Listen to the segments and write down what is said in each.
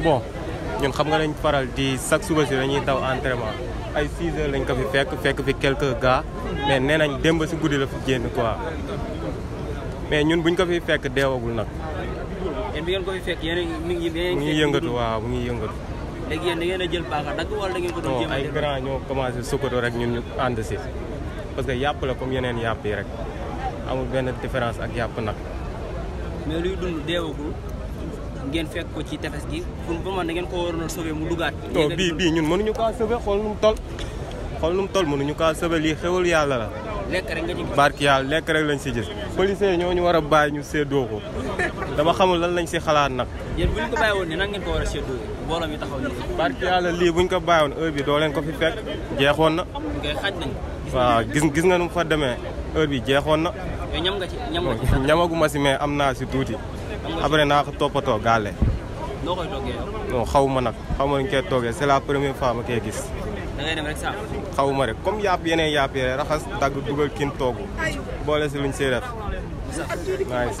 bon ñun xam nga dañ faral di chaque suba si dañuy daw entraînement ay 6 heures lañ ko fi fekk fekk fi quelques gars mais nee nañ démb si guddi la fi génn quoi mais ñun buñ ko fi fekk deewagul nag. yéen ñu ngeen ko fi fekk yéen waaw mu ngi yëngatu. jël paaka dagg ay grand ñoo commencé sukkandu rek ñun ànd parce que yàpp la comme yeneen yàpp rek amul benn différence ak yàpp nag. mais luy dund deewagul ngeen fekk ko ci tefes gi pour pour man da ngeen ko waroon a sauver mu dugaat. non bii bii ñun mënuñu kaa sauver xool nu mu toll. xool nu mu toll mënuñu kaa sauver lii xewul yàlla la. lekk rek nga barki yàlla lekk rek lañ si gis. policiers ñoo ñu war a bàyyi ñu séddoo ko dama xamul lan lañ si xalaat nag. yéen bu ñu ko bàyyi woon ne nan ko war a séddoo mbooloo mi taxaw nii. barki yàlla lii bu ñu ko bàyyi woon heure bi doo leen ko fi fekk jeexoon na. ngay xaj gis gis nga nu mu fa demee heure bi jeexoon na. ñam nga ñamaguma si mais am naa si tuuti. après naa ko toppatoo gaale. noo koy toggee yow. xaw ma nag xaw ma nu ñu koy toggee c'est la première fois ma koy gis. da ngay dem rek saa. xaw ma rek comme yàpp yeneen yàpp yi raxas dagg dugal kin togg boole si luñ siy def. nice.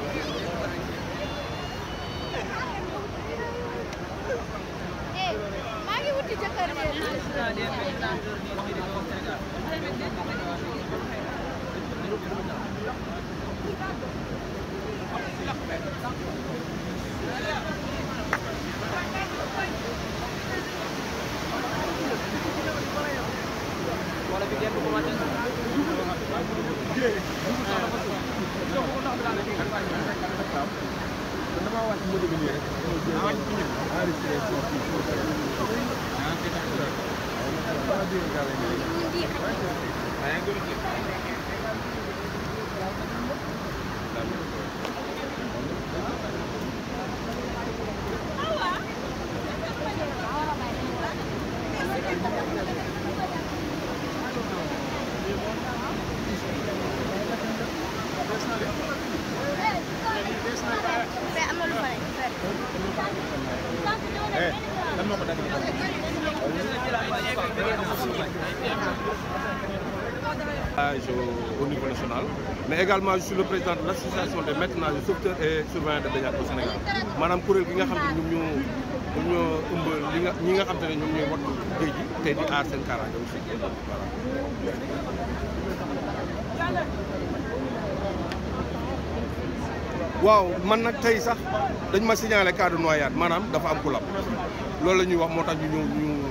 这个也是。Judi kali ini. Judi. Saya Judi. Hey, lama ko dati. au niveau national, mais également je le président de l'association des maîtres nageurs sauveteurs et surveillants de baignade au Sénégal maanaam kuréel gi nga xam ne ñoom ñoo ñoom li ñi nga xamte ne ñoom ñooy wattu géej gi te di aar seen kaaraange waaw man nag tey sax dañ ma signalé maanaam dafa am ku lab loolu la wax moo tax ñu ñu.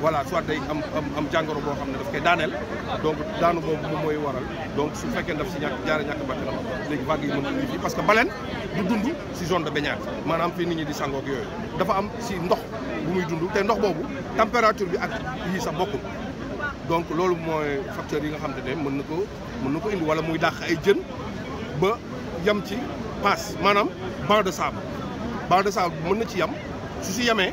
voilà soit day am jàngoro boo xam ne daf koy daaneel donc daanu boobu moom mooy waral donc su fekkee daf si ñàkk jaare ñàkk bakkanam léegi vagues yi mën nañu parce que baleen du dund si zone de baignade maanaam fii nit ñi di sangoog yooyu dafa am si ndox bu muy dund te ndox boobu température bi ak yii sax bokkul donc loolu mooy facteur yi nga xam ne mën na ko mën na ko indi wala muy dàq ay jën ba yam ci paas maanaam banc de sable banc de sable mën na ci yam su si yamee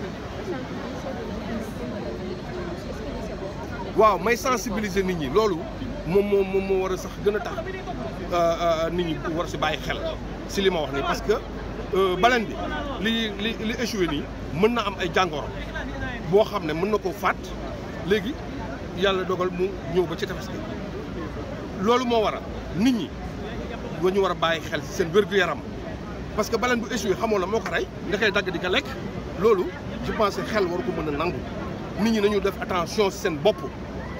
waaw may sensibiliser nit ñi loolu moom moo moom moo war a sax gën a tax euh, euh, nit ñi war si bàyyi xel si li ma wax nii parce que euh, balen bi li li li échoué nii mën na am ay jàngoro boo xam ne mën na koo faat léegi yàlla dogal mu ñëw ba ci tefes bi loolu moo a nit ñi dañu war a bàyyi xel si seen wér yaram parce que balen bu échoué xamoo la moo ko rey nga koy dagg di ko lekk loolu je pense xel war ko mën a nangu nit ñi nañu def attention si seen bopp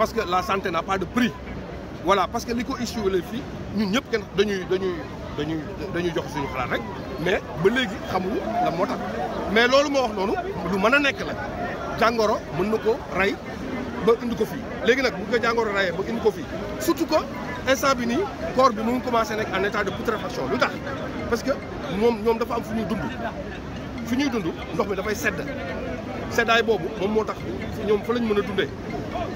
parce que la santé n'a pas de prix voilà parce que li issue issué fii ñun ñëpp kenn dañuy dañuy dañuy dañuy jox suñu xalaat rek mais ba léegi xamuñu la moo mais lolu mo wax nonu du meuna nek la jangoro mën na ko ba indi ko fi léegi nak bu ko jangoro rayee ba indi ko fi surtout ko instant bi ni corps bi mu ngi commencé nekk en état de putréfaction lutax parce que mom ñom dafa am fuñu dund fuñu dund ndox mi dafay sedd seddaay bobu mom motax ñom fa lañ mën dundé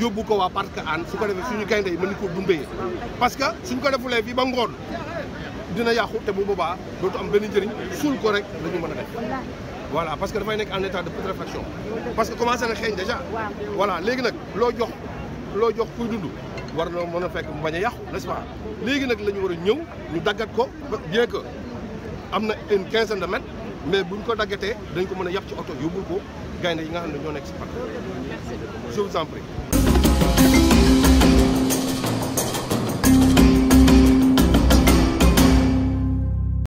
yóbbu ko waa parc an su ko defee suñu gaynde yi mën nañu ko dundee parce que suñ ko defulee fii ba ngoon dina yàqu te bu boobaa ba am benn njëriñ suul ko rek la ñu mën a def voilà parce que dafay nekk en état de putréfaction parce que commencé na xeeñ déjà voilà léegi nag loo jox loo jox kuy dund war loo mën a fekk mu bañ a yàqu n'est-ce pas léegi nag la ñu war a ñëw ñu daggat ko bien que am na une quinzaine de mètres mais buñ ko daggatee dañ ko mën a yàq ci oto yóbbul ko gaynde yi nga xam ne ñoo nekk si parc je vous en Thank you.